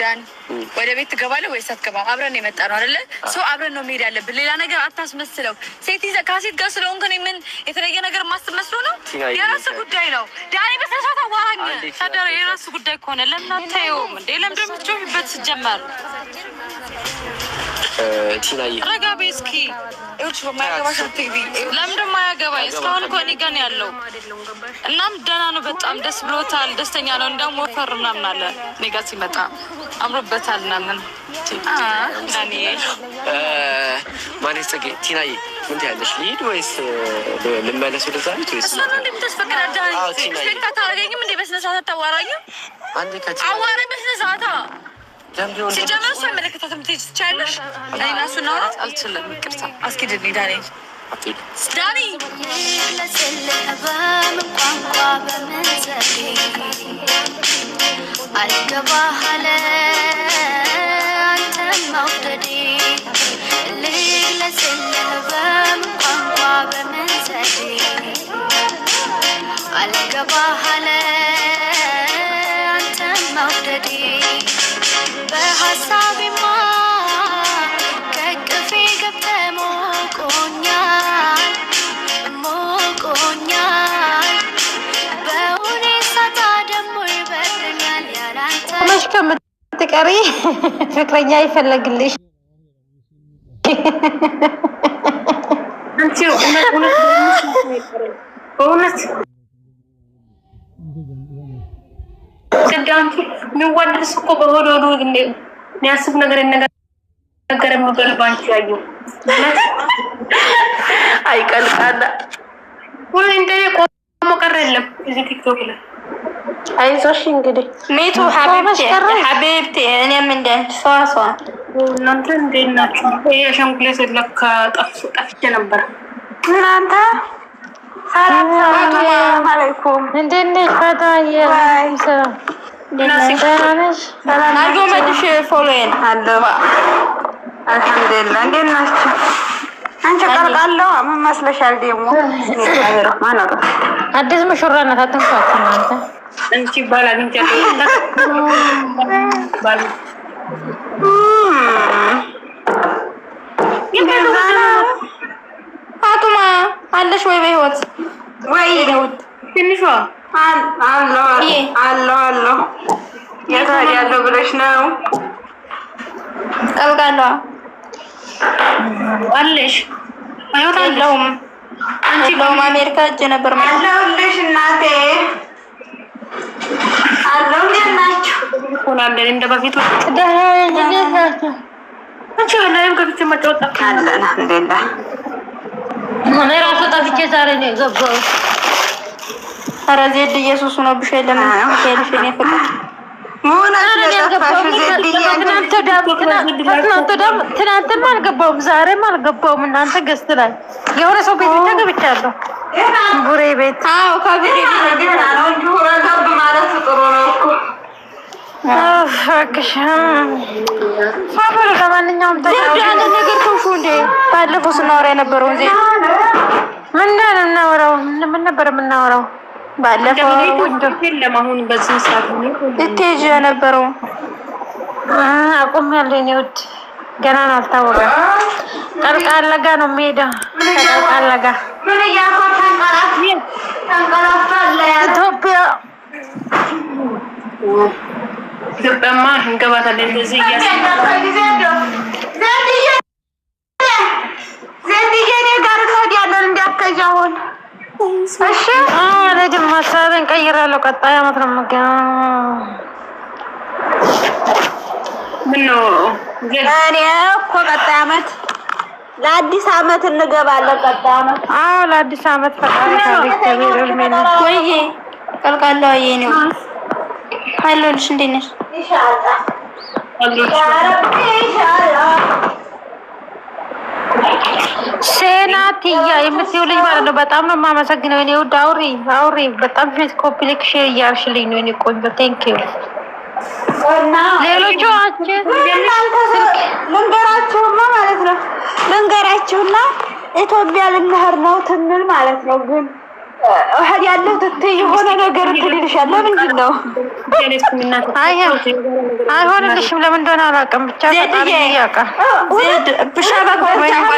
ዳን ወደ ቤት ትገባለህ ወይስ አትገባም? አብረን ነው የመጣ ነው አይደለ? ሰው አብረን ነው መሄድ ያለብን። ሌላ ነገር አታስመስለው። ሴት ይዘህ ከሴት ጋር ስለሆንክ እኔ ምን የተለየ ነገር ማስመስሎ ነው? የራስህ ጉዳይ ነው ዳኒ። በሰሳት አዋራኝ ታደረ። የራስህ ጉዳይ ከሆነ ለምን አታየውም እንዴ? ለምን ደምትጮህበት ስጀመር ረጋቤ እስኪ። ለምን ደሞ አያገባኝ? እስካሁን እኮ እኔ ጋር ያለው። እናም ደህና ነው፣ በጣም ደስ ብሎታል፣ ደስተኛ ነው። እንደውም ወፈር ምናምን አለ እኔ ጋር ሲመጣ አምሮበታል ምናምን ማን ጸጌ ምን ትያለሽ? ልሂድ ወይስ ልመለስ ወደዛ ቤት ወይስ እንዴ? በስነ ስርዓት አታዋራኝም? አዋራኝ በስነ ስርዓት። ሲጀመር እሷ አይመለከታትም። ትሄጂ ትችያለሽ። እኔ እና እሱ እናውራ። አልችልም። ይቅርታ ዳንኤል اكيد داني አልገባህ አለ አንተን መውደዴ ልግለጽልህ በ ከምትቀሪ ፍቅረኛ ይፈለግልሽ። በእውነት ቅዳንቱ የሚዋደድስ እኮ በሆዶ ሆዶ የሚያስብ ነገር ነገር የሚበል ባንቺ ያየው አይቀልቃላ ወይ እንደኔ ቆሞ ቀረ የለም እዚህ ቲክቶክ ላይ አይዞሽ እንግዲህ ሜቱ ሀቢብቴ እኔም እንዳንቺ ሰዋ ሰዋ እናንተ እንዴት ናቸው? ይሄ ሸንጉሌ ስለካ ጠፍሱ ጠፍቼ ነበር። እናንተ ሰላም አለይኩም እንዴት ነሽ? አንቺ ቀርቃለሁ ምን መስለሻል? ደግሞ አዲስ ሙሽራ ናት። አትንኳት እናንተ እንቺ ባል አግኝቻለሁ ባል አለሽ ወይ በህይወት ወይ ትንሿ አለሁ አለሁ አለሁ የት ሄዳለሁ ብለሽ ነው ቀልቃለሁ አለሽ አለሁም አንቺ በአሜሪካ ሂጅ ነበር አለሁልሽ እናቴ ሆናለን እንደ በፊቱ ላይም ከፍቼ መጫወት አለን። ጠፍቼ ዛሬ ነው የገባሁት። ኧረ ዜድ ኢየሱስ ሆኖብሻል። ለምን ትናንትም አልገባሁም ዛሬም አልገባውም እናንተ ገዝት ላይ የሆነ ሰው ቤት ገብቻለሁ ጉሬ ቤት ለማንኛውም ባለፈው ስናወራ የነበረው ዜ ምንድን የምናወራው ምን ነበር የምናወራው? ባለፈው ልትሄጂ የነበረው አቁም ያለኝ ውድ ገና ነው አልታወቀም። ጠልቃላ ጋ ነው ሜዳ ጠልቃላ ጋ ኢትዮጵያ ኢትዮጵያማ እንገባታለን። እንደዚህ እያስ ቀይራለሁ። ቀጣይ አመት ነው ምገ ምን እኔ እኮ ቀጣይ አመት ለአዲስ አመት እንገባለን። ቀጣይ አመት አዎ፣ ለአዲስ አመት ፈጣሪ ወይ ቀልቃለ ወይ አለሁልሽ። እንዴት ነሽ? የምትይው ልጅ ማለት ነው። በጣም ነው የማመሰግነው። እኔ ውድ አውሪ አውሪ፣ በጣም ፌስ ኮፒ ልክ ሼር እያርሽልኝ ነው። እኔ ቆንጆ ሌሎቹ ልንገራችሁማ ማለት ነው ልንገራችሁና ኢትዮጵያ ልንሄድ ነው ትንል ማለት ነው ግን ያለው የሆነ ነገር ትልልሻል። ለምንድን ነው አይሆንልሽም? ለምን እንደሆነ አላውቅም። ብቻ ያውቃል። አዲስ አበባ ነው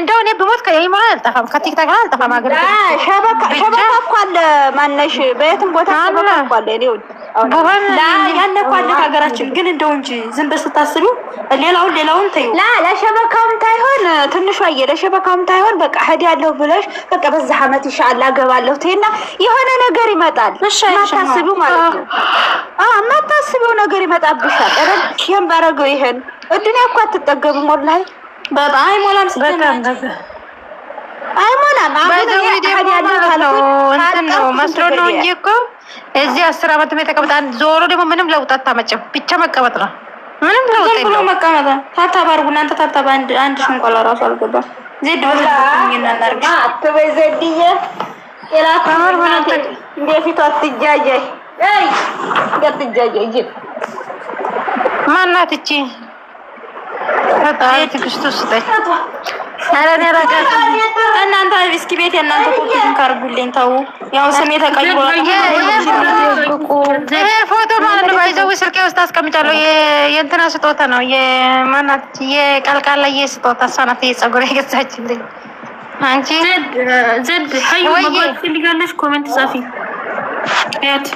እንደው እኔ ብሞት አልጠፋም፣ ከቲክታክ አልጠፋም። ሸበካ እኮ አለ ማነሽ በየትም ቦታ ያለፈው አለ ሀገራችን ግን እንደው እንጂ ዝም ብለሽ ስታስቢው ሌላውን ሌላውን ተይው። ለሸበካውም ታይሆን ትንሿ አየ ለሸበካውም ታይሆን በቃ እሄዳለሁ ብለሽ በቃ በዛ አመት ኢንሻአላህ እገባለሁ ትይና የሆነ ነገር ይመጣል። ማታስቢው ማለት ነው። ማታስቢው ነገር ይመጣብሻል። አይደል? ይሄን ባረገው ይሄን እድሜያ እኮ አትጠገብም። ወላሂ በጣም አይሞላም ስለማለት አይሞላም። አሁን ያለው ነው መስሎ ነው እንጂ እኮ እዚህ አስር አመት ቤት ተቀምጣ ዞሮ ደግሞ ምንም ለውጥ አታመጭም። ብቻ መቀመጥ ነው። ምንም ለውጥ ብሎ መቀመጥ ነው። ታብታብ አድርጉ እናንተ ታብታብ። አንድ አንድ ሽንቆላ ራሱ አልገባም። ዜድ ወዘድኝናናርግ አትበይ አትጃጃይ ማናት እቺ ፈጣሪ ትግስቱ ስጠኝ። አረኔ ረጋ እናንተ እስኪ ቤት የእናንተ ኮፒን ካርጉልኝ። ተው ያው ስሜ ተቀይሯል። ፎቶ ማለት ነው ባይዘው ስልኬ ውስጥ አስቀምጫለሁ። የእንትና ስጦታ ነው የማናት የቀልቃላ የስጦታ እሷ ናት የጸጉር የገዛችልኝ። አንቺ ዘድ ሀይ መጓዝ ትፈልጋለሽ? ኮሜንት ጻፊ ያት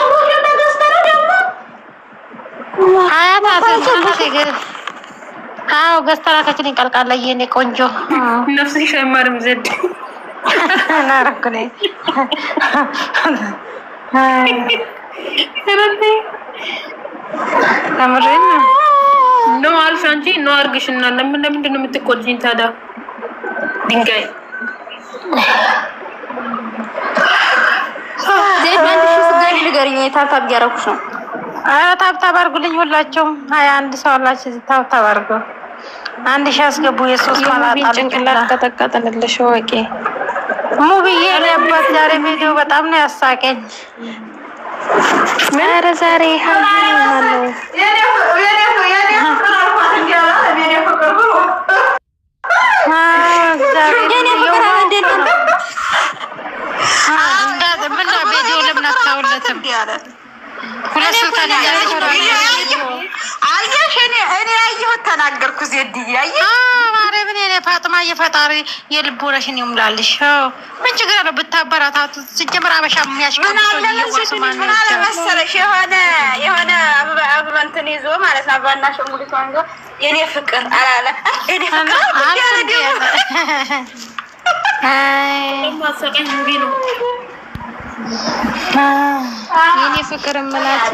አሁን ለተገስተረ ደግሞ አዎ ገዝታ ላከችልኝ። ቀልቃላ የኔ ቆንጆ ነፍስሽ አይማርም። ዘድ ናረኩኔ ተምሬን ነው አልሽ አንቺ ኖ አርግሽና። ለምን ለምንድን ነው የምትቆጅኝ ታዲያ? ድንጋይ ታብታብ አድርጉልኝ ሁላቸውም ሀያ አንድ ሰው አላችሁ። ታብታብ አድርገው አንድ ሺህ አስገቡ። የሶስት ጭንቅላት ቀጠቀጠንልሽ ወቂ ሙብዬ ያባት ዛሬ ቪዲዮ በጣም ነው ያሳቀኝ። ኧረ ዛሬ ነው። ተናገርኩ። ዜድ እያየ ማሬ ምን ኔ ፋጥማ የፈጣሪ የልቦናሽን ይሙላልሽ። ምን ችግር አለው ብታበረታቱ? ስጀምር አበሻ የሚያሽምናለመሰለሽ የሆነ የሆነ አበባ ይዞ ማለት ነው አበባና ሸሙሊት ንዞ የኔ ፍቅር አላለ የኔ ፍቅር ነው የኔ ፍቅር ምናት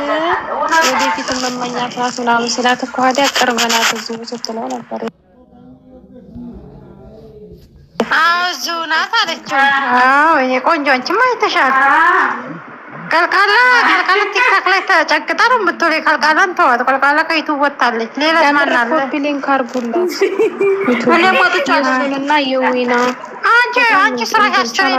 ወደፊት መመኛት ራሱ ምናምን ስላት እኮ ሀዲያ ቅርብ ናት እዚሁ ስትለው ነበር። አዎ እዚሁ ናት አለችው። አዎ እኔ ቆንጆ፣ አይተሻል። ቀልቃላ ቀልቃላ ቲክታክ ላይ ተጨግጣ ነው የምትውለው። ቀልቃላን ተዋት። ቀልቃላ ከዩቱብ ወጣለች። ሌላ ማን አለ? ኮፒሊንክ አድርጉላት። ሁሌ ሞቶች አሉና የዊና አንቺ አንቺ ስራ ያስቸ